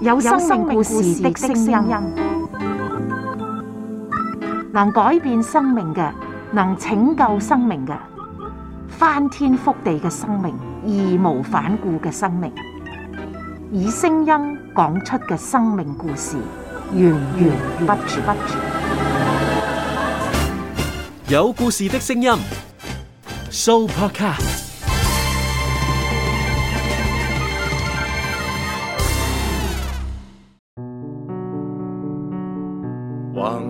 有生命故事的聲音，能改變生命嘅，能拯救生命嘅，翻天覆地嘅生命，義無反顧嘅生命，以聲音講出嘅生命故事，源源不絕。有故事的聲音，Sooopodcast。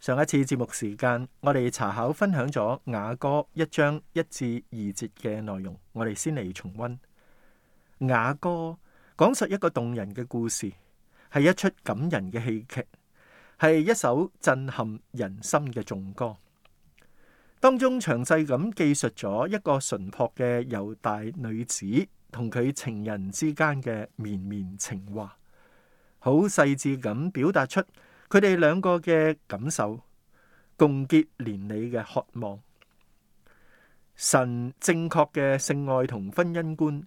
上一次節目時間，我哋查考分享咗《雅歌》一章一至二節嘅內容，我哋先嚟重溫《雅歌》，講述一個動人嘅故事，係一出感人嘅戲劇，係一首震撼人心嘅頌歌。當中詳細咁記述咗一個純樸嘅猶大女子同佢情人之間嘅綿綿情話，好細緻咁表達出。佢哋兩個嘅感受、共結連理嘅渴望、神正確嘅性愛同婚姻觀，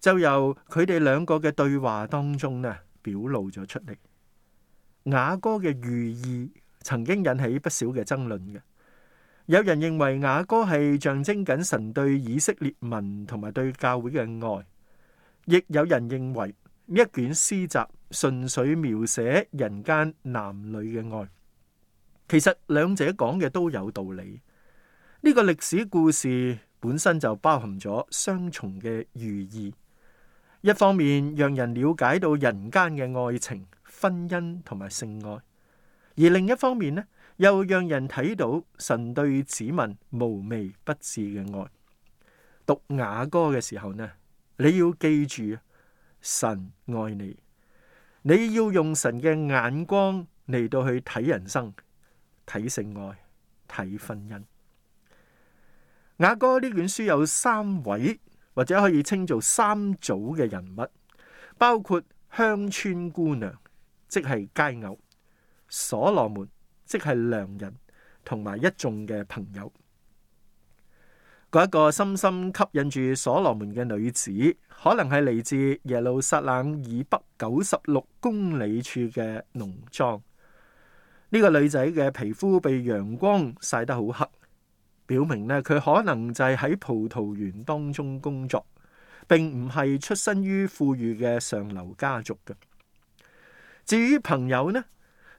就由佢哋兩個嘅對話當中呢表露咗出嚟。雅歌嘅寓意曾經引起不少嘅爭論嘅，有人認為雅歌係象徵緊神對以色列民同埋對教會嘅愛，亦有人認為。一卷詩集純粹描寫人間男女嘅愛，其實兩者講嘅都有道理。呢個歷史故事本身就包含咗雙重嘅寓意，一方面讓人了解到人間嘅愛情、婚姻同埋性愛，而另一方面呢，又讓人睇到神對子民無微不至嘅愛。讀雅歌嘅時候呢，你要記住。神愛你，你要用神嘅眼光嚟到去睇人生，睇性愛，睇婚姻。雅歌呢卷書有三位或者可以稱做三組嘅人物，包括鄉村姑娘，即係佳偶；所羅門，即係良人，同埋一眾嘅朋友。嗰一個深深吸引住所羅門嘅女子，可能係嚟自耶路撒冷以北九十六公里處嘅農莊。呢個女仔嘅皮膚被陽光曬得好黑，表明呢，佢可能就係喺葡萄園當中工作，並唔係出身於富裕嘅上流家族嘅。至於朋友呢，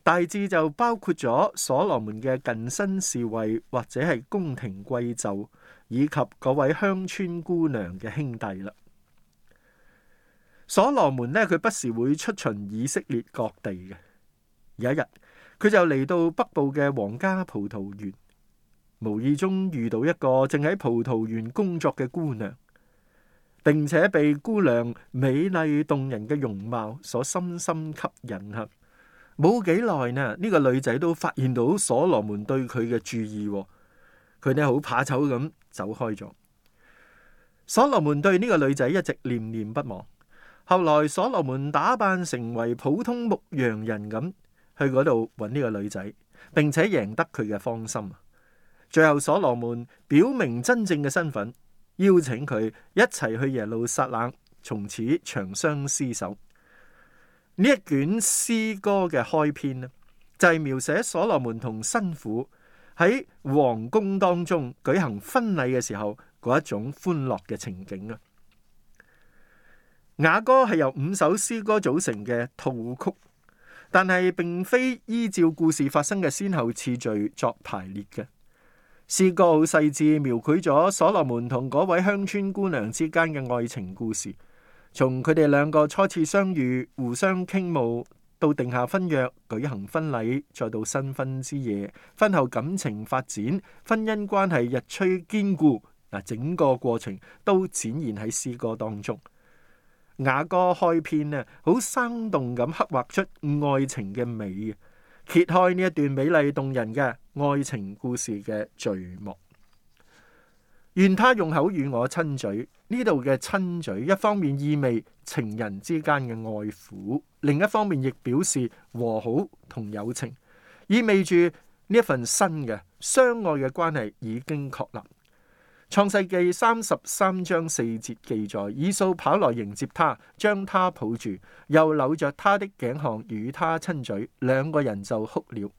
大致就包括咗所羅門嘅近身侍衛或者係宮廷貴就。以及嗰位鄉村姑娘嘅兄弟啦，所羅門呢，佢不時會出巡以色列各地嘅。有一日，佢就嚟到北部嘅皇家葡萄園，無意中遇到一個正喺葡萄園工作嘅姑娘，並且被姑娘美麗動人嘅容貌所深深吸引啊！冇幾耐呢，呢個女仔都發現到所羅門對佢嘅注意，佢呢好怕醜咁。走開咗。所羅門對呢個女仔一直念念不忘。後來所羅門打扮成為普通牧羊人咁去嗰度搵呢個女仔，並且贏得佢嘅芳心。最後所羅門表明真正嘅身份，邀請佢一齊去耶路撒冷，從此長相廝守。呢一卷詩歌嘅開篇呢，就係、是、描寫所羅門同辛苦。喺皇宮當中舉行婚禮嘅時候，嗰一種歡樂嘅情景啊！雅歌係由五首詩歌組成嘅套曲，但係並非依照故事發生嘅先後次序作排列嘅。詩歌好細緻描繪咗所羅門同嗰位鄉村姑娘之間嘅愛情故事，從佢哋兩個初次相遇、互相傾慕。到定下婚約，舉行婚禮，再到新婚之夜，婚後感情發展，婚姻關係日趨堅固。嗱，整個過程都展現喺詩歌當中。雅歌開篇呢，好生動咁刻畫出愛情嘅美，揭開呢一段美麗動人嘅愛情故事嘅序幕。願他用口與我親嘴，呢度嘅親嘴，一方面意味情人之間嘅愛撫，另一方面亦表示和好同友情，意味住呢一份新嘅相愛嘅關係已經確立。創世記三十三章四節記載：以掃跑來迎接他，將他抱住，又摟着他的頸項與他親嘴，兩個人就哭了。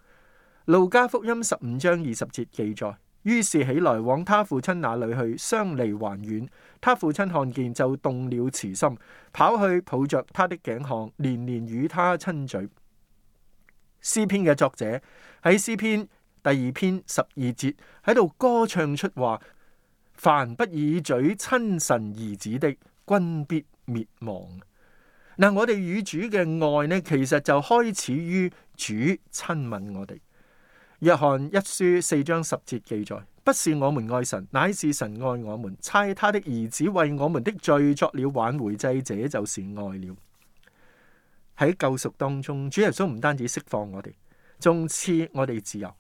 路加福音十五章二十節記載。於是起來往他父親那裏去，相離還遠，他父親看見就動了慈心，跑去抱着他的頸項，連連與他親嘴。詩篇嘅作者喺詩篇第二篇十二節喺度歌唱出話：凡不以嘴親神兒子的，君必滅亡。嗱，我哋與主嘅愛呢，其實就開始於主親吻我哋。約翰一書四章十節記載：不是我們愛神，乃是神愛我們，差他的兒子為我們的罪作了挽回祭，這就是愛了。喺救贖當中，主耶穌唔單止釋放我哋，仲賜我哋自由。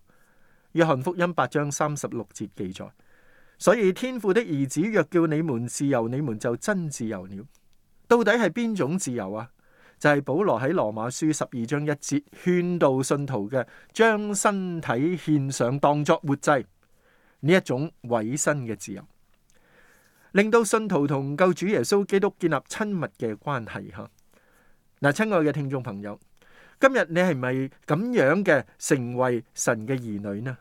約翰福音八章三十六節記載：所以天父的兒子若叫你們自由，你們就真自由了。到底係邊種自由啊？就係保羅喺羅馬書十二章一節勸導信徒嘅，將身體獻上，當作活祭，呢一種委身嘅自由，令到信徒同救主耶穌基督建立親密嘅關係。吓、啊、嗱，親愛嘅聽眾朋友，今日你係咪咁樣嘅成為神嘅兒女呢？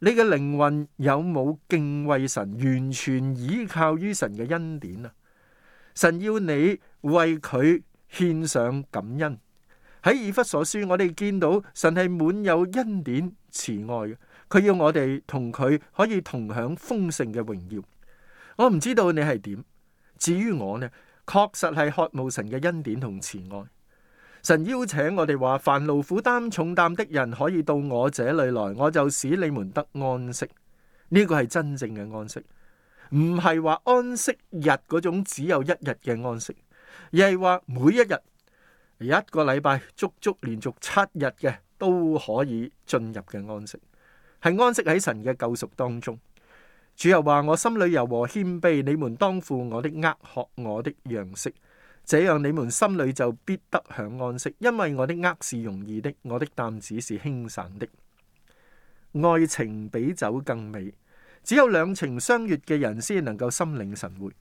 你嘅靈魂有冇敬畏神，完全倚靠於神嘅恩典啊？神要你為佢。獻上感恩，喺以弗所書，我哋見到神係滿有恩典慈愛嘅，佢要我哋同佢可以同享豐盛嘅榮耀。我唔知道你係點，至於我呢，確實係渴慕神嘅恩典同慈愛。神邀請我哋話：凡勞苦擔重擔的人可以到我這裏來，我就使你們得安息。呢個係真正嘅安息，唔係話安息日嗰種只有一日嘅安息。而係話每一日、一個禮拜足足連續七日嘅都可以進入嘅安息，係安息喺神嘅救贖當中。主又話：我心裏柔和謙卑，你們當負我的軛、學我的樣式，這樣你們心裏就必得享安息，因為我的軛是容易的，我的擔子是輕省的。愛情比酒更美，只有兩情相悅嘅人先能夠心領神會。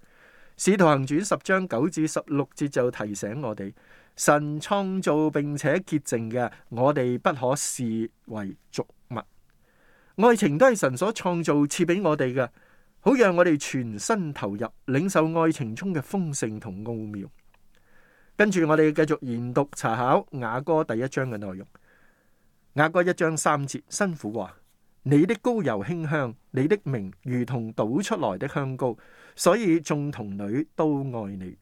使徒行傳十章九至十六節就提醒我哋，神創造並且潔淨嘅，我哋不可視為俗物。愛情都係神所創造賜俾我哋嘅，好讓我哋全身投入，領受愛情中嘅豐盛同奧妙。跟住我哋繼續研讀查考雅歌第一章嘅內容。雅歌一章三節，辛苦話。你的膏油馨香，你的名如同倒出來的香膏，所以眾童女都愛你。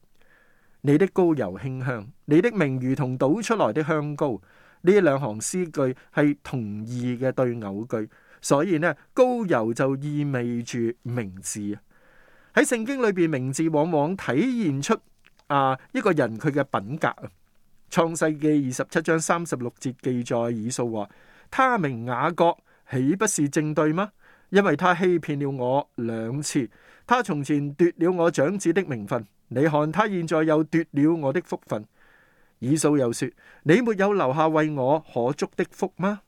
你的膏油馨香，你的名如同倒出來的香膏。呢兩行詩句係同義嘅對偶句，所以呢，膏油就意味住名字。喺聖經裏邊，名字往往體現出啊一個人佢嘅品格啊。創世記二十七章三十六節記載以掃話：他名雅各。豈不是正對嗎？因為他欺騙了我兩次，他從前奪了我長子的名分，你看他現在又奪了我的福分。以掃又說：你沒有留下為我可祝的福嗎？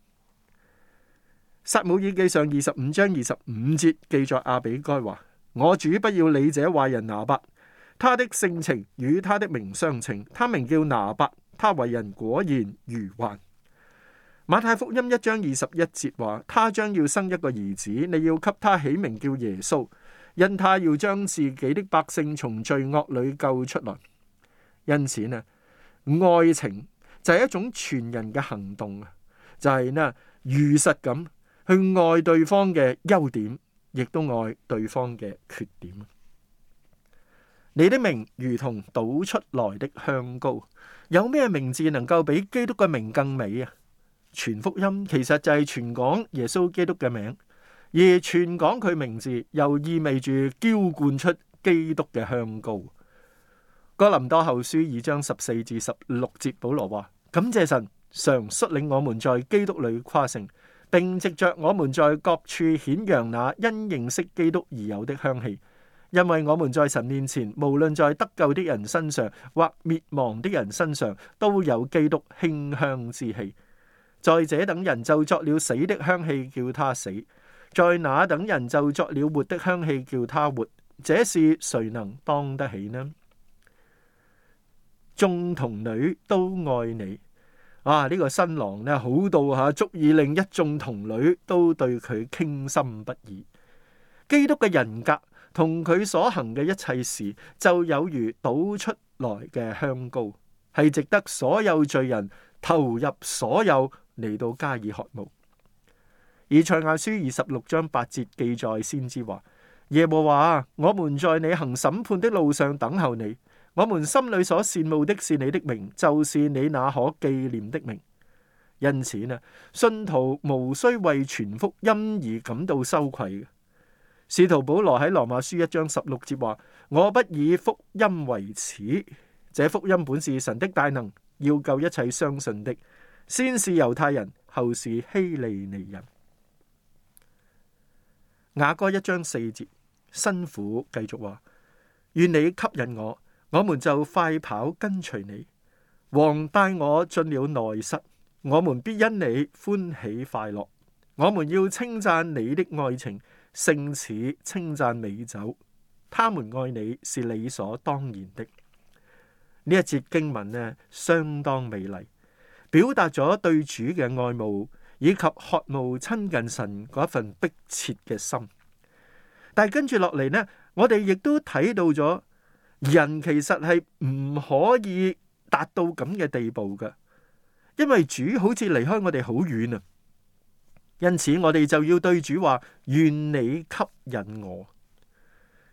撒母耳記上二十五章二十五節記載亞比該話：我主不要理這壞人拿八，他的性情與他的名相稱，他名叫拿八，他為人果然愚頑。馬太福音一章二十一節話：他將要生一個兒子，你要給他起名叫耶穌，因他要將自己的百姓從罪惡裏救出來。因此呢，愛情就係一種全人嘅行動啊，就係呢如實咁去愛對方嘅優點，亦都愛對方嘅缺點。你的名如同倒出來的香膏，有咩名字能夠比基督嘅名更美啊？傳福音其實就係傳講耶穌基督嘅名，而傳講佢名字又意味住澆灌出基督嘅香膏。哥林多後書二章十四至十六節，保羅話：感謝神，常率領我們在基督裏誇勝，並藉着我們在各處顯揚那因認識基督而有的香氣，因為我們在神面前，無論在得救的人身上或滅亡的人身上，都有基督馨香之氣。在這等人就作了死的香氣，叫他死；在那等人就作了活的香氣，叫他活。這事誰能當得起呢？眾童女都愛你啊！呢個新郎呢好到嚇，足以令一眾童女都對佢傾心不已。基督嘅人格同佢所行嘅一切事，就有如倒出來嘅香膏，係值得所有罪人投入所有。嚟到加以渴慕，而《以賽亞書》二十六章八節記載先知話：耶和華啊，我們在你行審判的路上等候你，我們心裏所羨慕的是你的名，就是你那可紀念的名。因此呢，信徒無需為全福音而感到羞愧。使徒保羅喺《羅馬書》一章十六節話：我不以福音為恥，這福音本是神的大能，要救一切相信的。先是猶太人，後是希利尼人。雅歌一章四節，辛苦繼續話：願你吸引我，我們就快跑跟隨你。王帶我進了內室，我們必因你歡喜快樂。我們要稱讚你的愛情，勝似稱讚美酒。他們愛你是理所當然的。呢一節經文呢，相當美麗。表達咗對主嘅愛慕以及渴慕親近神嗰份迫切嘅心，但係跟住落嚟呢，我哋亦都睇到咗人其實係唔可以達到咁嘅地步噶，因為主好似離開我哋好遠啊。因此我哋就要對主話：願你吸引我。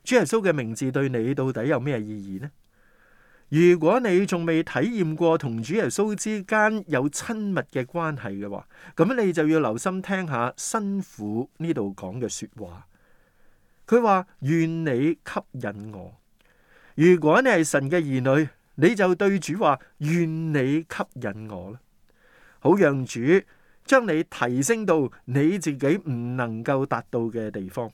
主耶穌嘅名字對你到底有咩意義呢？如果你仲未體驗過同主耶穌之間有親密嘅關係嘅話，咁你就要留心聽下新婦呢度講嘅說話。佢話，願你吸引我。如果你係神嘅兒女，你就對主話，願你吸引我啦。好讓主將你提升到你自己唔能夠達到嘅地方。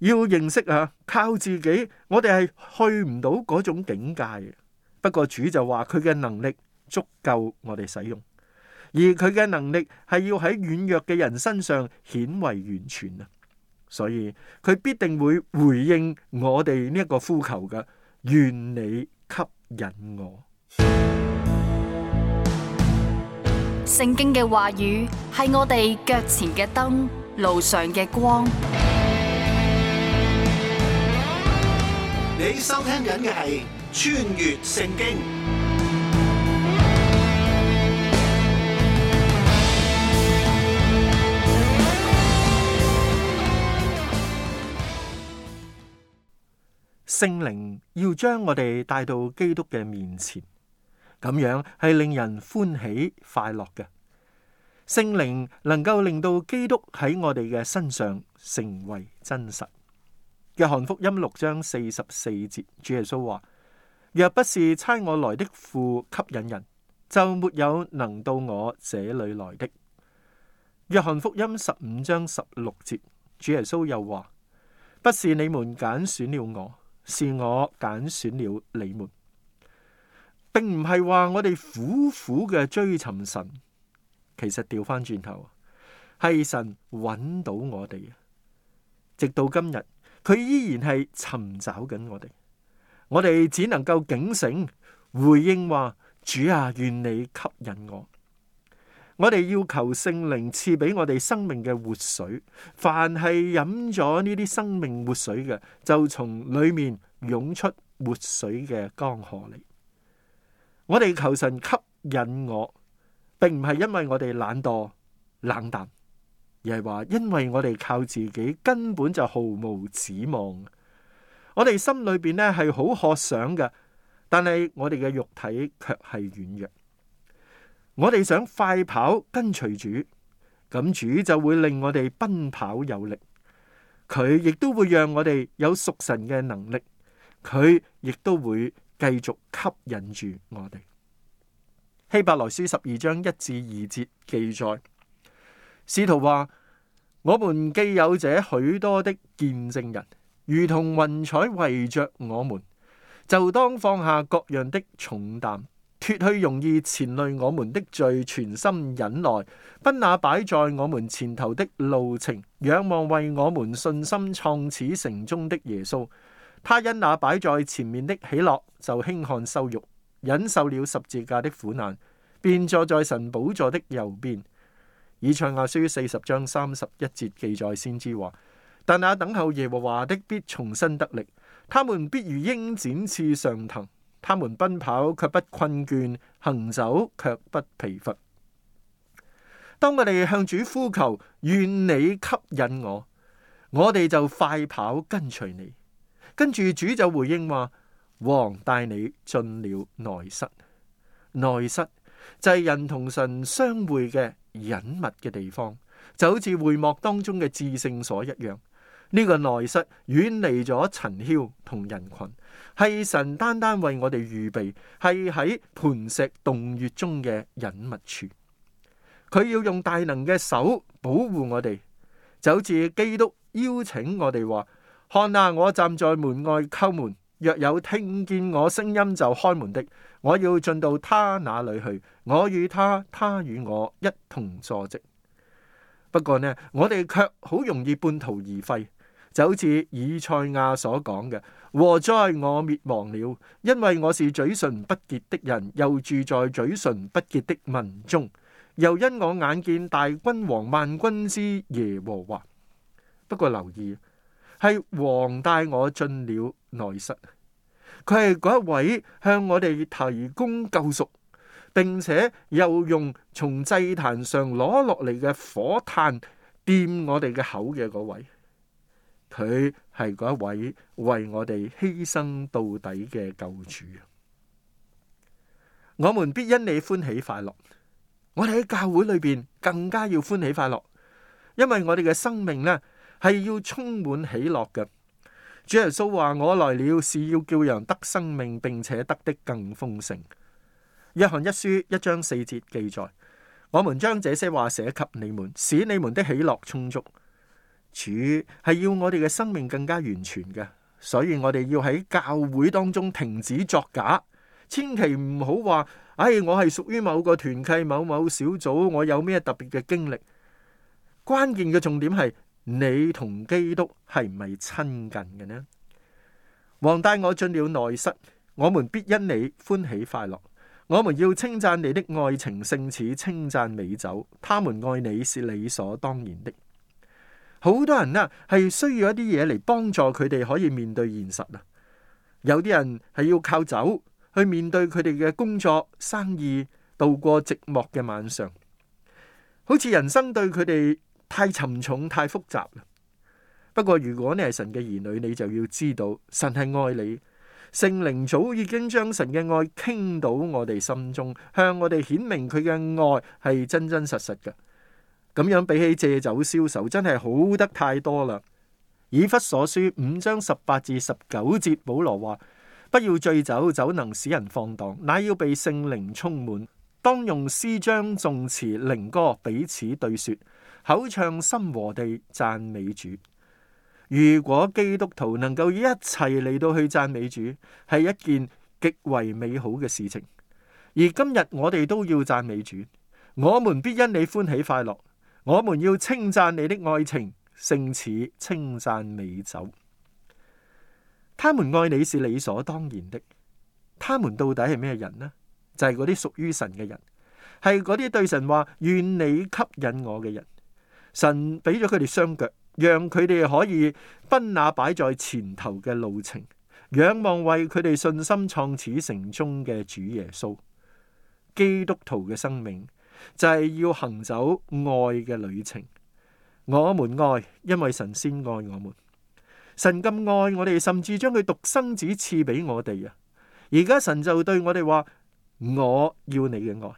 要認識啊，靠自己，我哋係去唔到嗰種境界嘅。不過主就話佢嘅能力足夠我哋使用，而佢嘅能力係要喺軟弱嘅人身上顯為完全啊！所以佢必定會回應我哋呢一個呼求嘅。願你吸引我。聖經嘅話語係我哋腳前嘅燈，路上嘅光。你收聽緊嘅係《穿越聖經》，聖靈要將我哋帶到基督嘅面前，咁樣係令人歡喜快樂嘅。聖靈能夠令到基督喺我哋嘅身上成為真實。約翰福音六章四十四節，主耶穌話：若不是差我來的父吸引人，就沒有能到我這裡來的。約翰福音十五章十六節，主耶穌又話：不是你們揀選了我，是我揀選了你們，並唔係話我哋苦苦嘅追尋神，其實掉翻轉頭係神揾到我哋，直到今日。佢依然係尋找緊我哋，我哋只能夠警醒，回應話：主啊，願你吸引我。我哋要求聖靈賜俾我哋生命嘅活水，凡係飲咗呢啲生命活水嘅，就從裏面湧出活水嘅江河嚟。我哋求神吸引我，並唔係因為我哋懶惰、冷淡。而係話，因為我哋靠自己根本就毫無指望，我哋心裏邊呢係好渴想嘅，但係我哋嘅肉體卻係軟弱。我哋想快跑跟隨主，咁主就會令我哋奔跑有力。佢亦都會讓我哋有屬神嘅能力。佢亦都會繼續吸引住我哋。希伯來書十二章一至二節記載。司徒話，我們既有這許多的見證人，如同雲彩圍着我們，就當放下各樣的重擔，脫去容易纏累我們的罪，存心忍耐。奔那擺在我們前頭的路程，仰望為我們信心創始成終的耶穌。他因那擺在前面的喜樂，就輕看羞辱，忍受了十字架的苦難，便坐在神寶座的右邊。以賽亞書四十章三十一節記載先知話：但那等候耶和華的必重新得力，他們必如鷹展翅上騰，他們奔跑卻不困倦，行走卻不疲乏。當我哋向主呼求，願你吸引我，我哋就快跑跟隨你。跟住主就回應話：王帶你進了內室，內室就係、是、人同神相會嘅。隱密嘅地方，就好似會幕當中嘅至聖所一樣。呢個內室遠離咗塵囂同人群，係神單單為我哋預備，係喺磐石洞穴中嘅隱密處。佢要用大能嘅手保護我哋，就好似基督邀請我哋話：看啊，我站在門外叩門，若有聽見我聲音就開門的，我要進到他那裡去。我與他，他與我一同坐席。不過呢，我哋卻好容易半途而廢，就好似以賽亞所講嘅：禍哉！我滅亡了，因為我是嘴唇不潔的人，又住在嘴唇不潔的民中。又因我眼見大君王萬軍之耶和華。不過留意，係王帶我進了內室，佢係嗰一位向我哋提供救贖。並且又用從祭壇上攞落嚟嘅火炭掂我哋嘅口嘅嗰位，佢係嗰一位為我哋犧牲到底嘅救主。我們必因你歡喜快樂。我哋喺教會裏邊更加要歡喜快樂，因為我哋嘅生命呢係要充滿喜樂嘅。主耶穌話：我來了是要叫人得生命，並且得的更豐盛。約翰一書一章四節記載：我們將這些話寫給你們，使你們的喜樂充足。主係要我哋嘅生命更加完全嘅，所以我哋要喺教會當中停止作假，千祈唔好話：哎，我係屬於某個團契、某某小組，我有咩特別嘅經歷。關鍵嘅重點係你同基督係唔係親近嘅呢？王帶我進了內室，我們必因你歡喜快樂。我們要稱讚你的愛情勝似稱讚美酒，他們愛你是理所當然的。好多人啊係需要一啲嘢嚟幫助佢哋可以面對現實啊，有啲人係要靠酒去面對佢哋嘅工作生意、度過寂寞嘅晚上，好似人生對佢哋太沉重、太複雜啦。不過如果你係神嘅兒女，你就要知道神係愛你。聖靈早已經將神嘅愛傾倒我哋心中，向我哋顯明佢嘅愛係真真實實嘅。咁樣比起借酒消愁，真係好得太多啦。以弗所書五章十八至十九節，保羅話：不要醉酒，酒能使人放蕩，乃要被聖靈充滿。當用詩章、頌詞、靈歌彼此對說，口唱心和地讚美主。如果基督徒能夠一齊嚟到去讚美主，係一件極為美好嘅事情。而今日我哋都要讚美主，我們必因你歡喜快樂，我們要稱讚你的愛情，勝似稱讚美酒。他們愛你是理所當然的，他們到底係咩人呢？就係嗰啲屬於神嘅人，係嗰啲對神話願你吸引我嘅人。神俾咗佢哋雙腳。讓佢哋可以奔那擺在前頭嘅路程，仰望為佢哋信心創始成終嘅主耶穌。基督徒嘅生命就係要行走愛嘅旅程。我們愛，因為神先愛我們。神咁愛我哋，甚至將佢獨生子賜俾我哋啊！而家神就對我哋話：我要你嘅愛。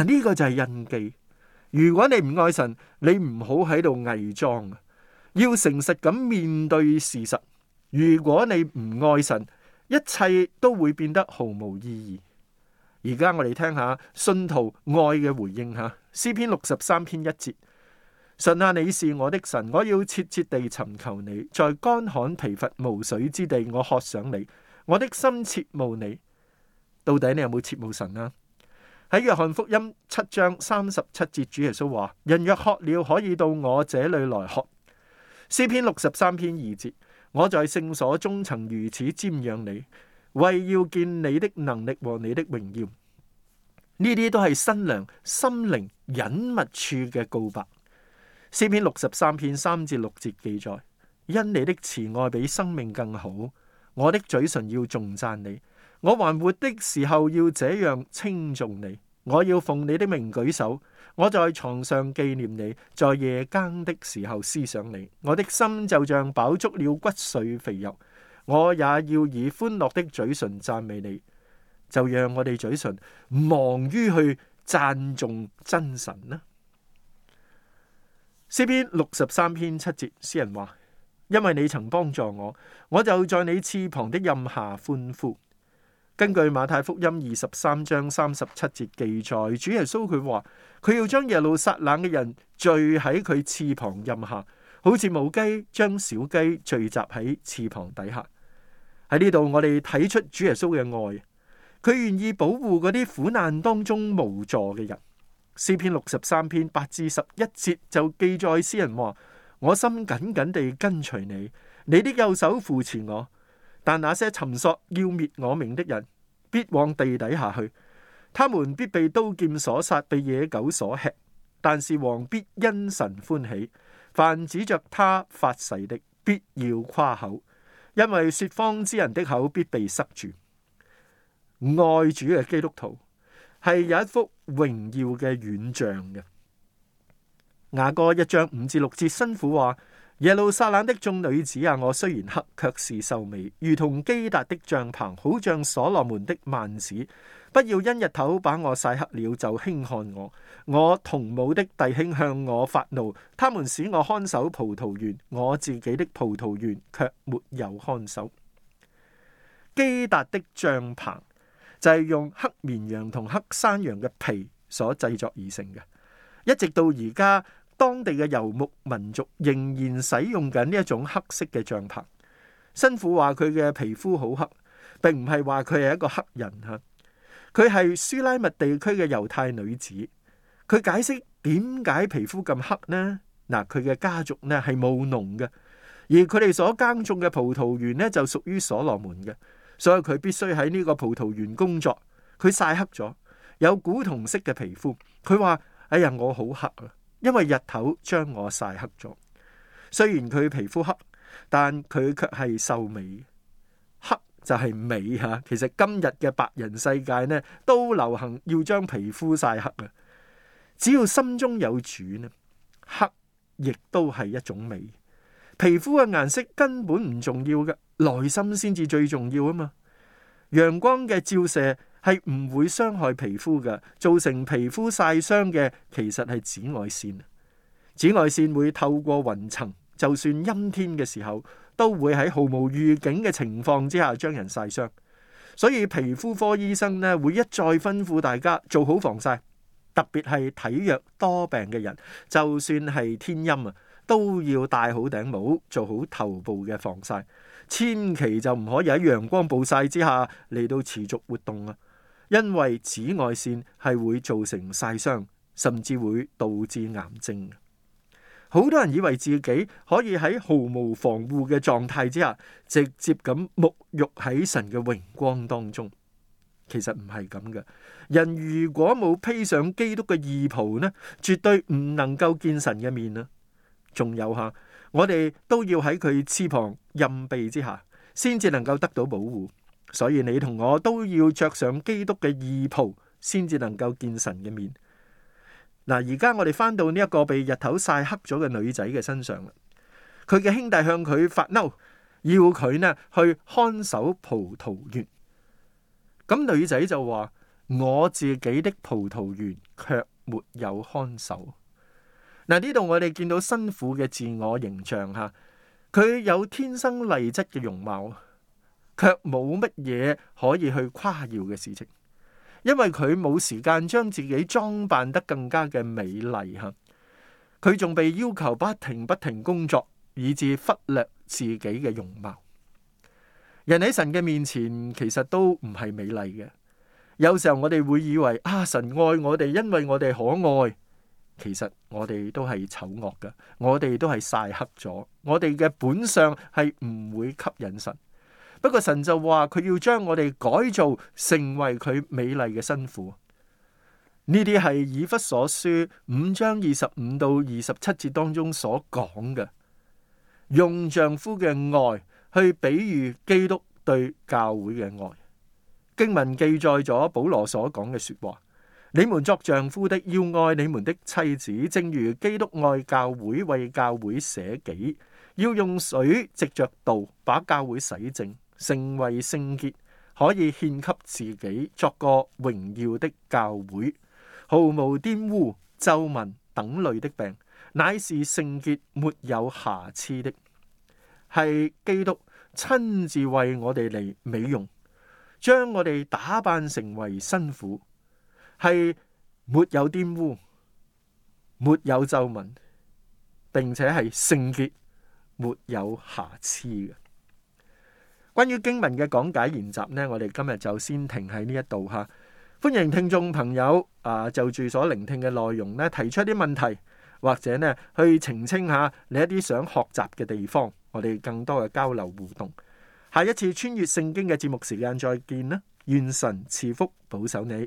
嗱，呢個就係印記。如果你唔愛神，你唔好喺度偽裝啊！要誠實咁面對事實。如果你唔愛神，一切都會變得毫無意義。而家我哋聽下信徒愛嘅回應吓，詩篇六十三篇一節：神啊，你是我的神，我要切切地尋求你，在乾旱、疲乏無水之地，我渴想你，我的心切慕你。到底你有冇切慕神啊？喺約翰福音七章三十七節，主耶穌話：人若渴了，可以到我這裏來喝。詩篇六十三篇二節，我在聖所中曾如此瞻仰你，為要見你的能力和你的榮耀。呢啲都係新娘心靈隱密處嘅告白。詩篇六十三篇三至六節記載：因你的慈愛比生命更好，我的嘴唇要頌讚你，我還活的時候要這樣稱頌你。我要奉你的名舉手，我在床上紀念你，在夜更的時候思想你。我的心就像飽足了骨髓肥肉，我也要以歡樂的嘴唇讚美你。就讓我哋嘴唇忙於去讚頌真神啦。詩篇六十三篇七節，詩人話：因為你曾幫助我，我就在你翅膀的蔭下歡呼。根據馬太福音二十三章三十七節記載，主耶穌佢話佢要將耶路撒冷嘅人聚喺佢翅膀蔭下，好似母雞將小雞聚集喺翅膀底下。喺呢度我哋睇出主耶穌嘅愛，佢願意保護嗰啲苦難當中無助嘅人。詩篇六十三篇八至十一節就記載詩人話：我心緊緊地跟隨你，你的右手扶持我。但那些尋索要滅我命的人，必往地底下去；他們必被刀劍所殺，被野狗所吃。但是王必因神歡喜，凡指着他發誓的，必要誇口，因為說謊之人的口必被塞住。愛主嘅基督徒係有一幅榮耀嘅遠像嘅。雅歌一章五至六節辛苦話。耶路撒冷的眾女子啊，我雖然黑，卻是秀美，如同基達的帳棚，好像所羅門的幔子。不要因日頭把我曬黑了就輕看我。我同母的弟兄向我發怒，他們使我看守葡萄園，我自己的葡萄園卻沒有看守。基達的帳棚就係、是、用黑綿羊同黑山羊嘅皮所製作而成嘅，一直到而家。當地嘅遊牧民族仍然使用緊呢一種黑色嘅帳篷。新婦話佢嘅皮膚好黑，並唔係話佢係一個黑人吓。佢係舒拉密地區嘅猶太女子。佢解釋點解皮膚咁黑呢？嗱，佢嘅家族呢係務農嘅，而佢哋所耕種嘅葡萄園呢就屬於所羅門嘅，所以佢必須喺呢個葡萄園工作。佢曬黑咗，有古銅色嘅皮膚。佢話：哎呀，我好黑啊！因為日頭將我曬黑咗，雖然佢皮膚黑，但佢卻係秀美。黑就係美吓，其實今日嘅白人世界呢，都流行要將皮膚曬黑啊！只要心中有主呢，黑亦都係一種美。皮膚嘅顏色根本唔重要噶，內心先至最重要啊嘛！陽光嘅照射，係唔會傷害皮膚嘅，造成皮膚曬傷嘅其實係紫外線。紫外線會透過雲層，就算陰天嘅時候，都會喺毫無預警嘅情況之下將人曬傷。所以皮膚科醫生呢，會一再吩咐大家做好防曬，特別係體弱多病嘅人，就算係天陰啊，都要戴好頂帽，做好頭部嘅防曬，千祈就唔可以喺陽光暴曬之下嚟到持續活動啊！因為紫外線係會造成曬傷，甚至會導致癌症。好多人以為自己可以喺毫無防護嘅狀態之下，直接咁沐浴喺神嘅榮光當中，其實唔係咁嘅。人如果冇披上基督嘅義袍呢，絕對唔能夠見神嘅面啊！仲有吓，我哋都要喺佢翅膀蔭庇之下，先至能夠得到保護。所以你同我都要着上基督嘅衣袍，先至能夠見神嘅面。嗱，而家我哋翻到呢一個被日頭曬黑咗嘅女仔嘅身上啦，佢嘅兄弟向佢發嬲，要佢呢去看守葡萄園。咁女仔就話：我自己的葡萄園卻沒有看守。嗱，呢度我哋見到辛苦嘅自我形象吓，佢有天生麗質嘅容貌。卻冇乜嘢可以去誇耀嘅事情，因為佢冇時間將自己裝扮得更加嘅美麗。吓，佢仲被要求不停不停工作，以致忽略自己嘅容貌。人喺神嘅面前，其實都唔係美麗嘅。有時候我哋會以為啊，神愛我哋，因為我哋可愛。其實我哋都係醜惡噶，我哋都係晒黑咗，我哋嘅本相係唔會吸引神。不過神就話佢要將我哋改造成為佢美麗嘅新婦。呢啲係以弗所書五章二十五到二十七節當中所講嘅，用丈夫嘅愛去比喻基督對教會嘅愛。經文記載咗保羅所講嘅說話：你們作丈夫的要愛你們的妻子，正如基督愛教會，為教會捨己；要用水藉着道把教會洗淨。成為聖潔，可以獻給自己作個榮耀的教會，毫無玷污、皺紋等類的病，乃是聖潔沒有瑕疵的。係基督親自為我哋嚟美容，將我哋打扮成為新婦，係沒有玷污、沒有皺紋，並且係聖潔沒有瑕疵嘅。關於經文嘅講解研習呢，我哋今日就先停喺呢一度吓。歡迎聽眾朋友啊，就住所聆聽嘅內容呢，提出一啲問題或者呢去澄清下你一啲想學習嘅地方。我哋更多嘅交流互動，下一次穿越聖經嘅節目時間再見啦！願神賜福保守你。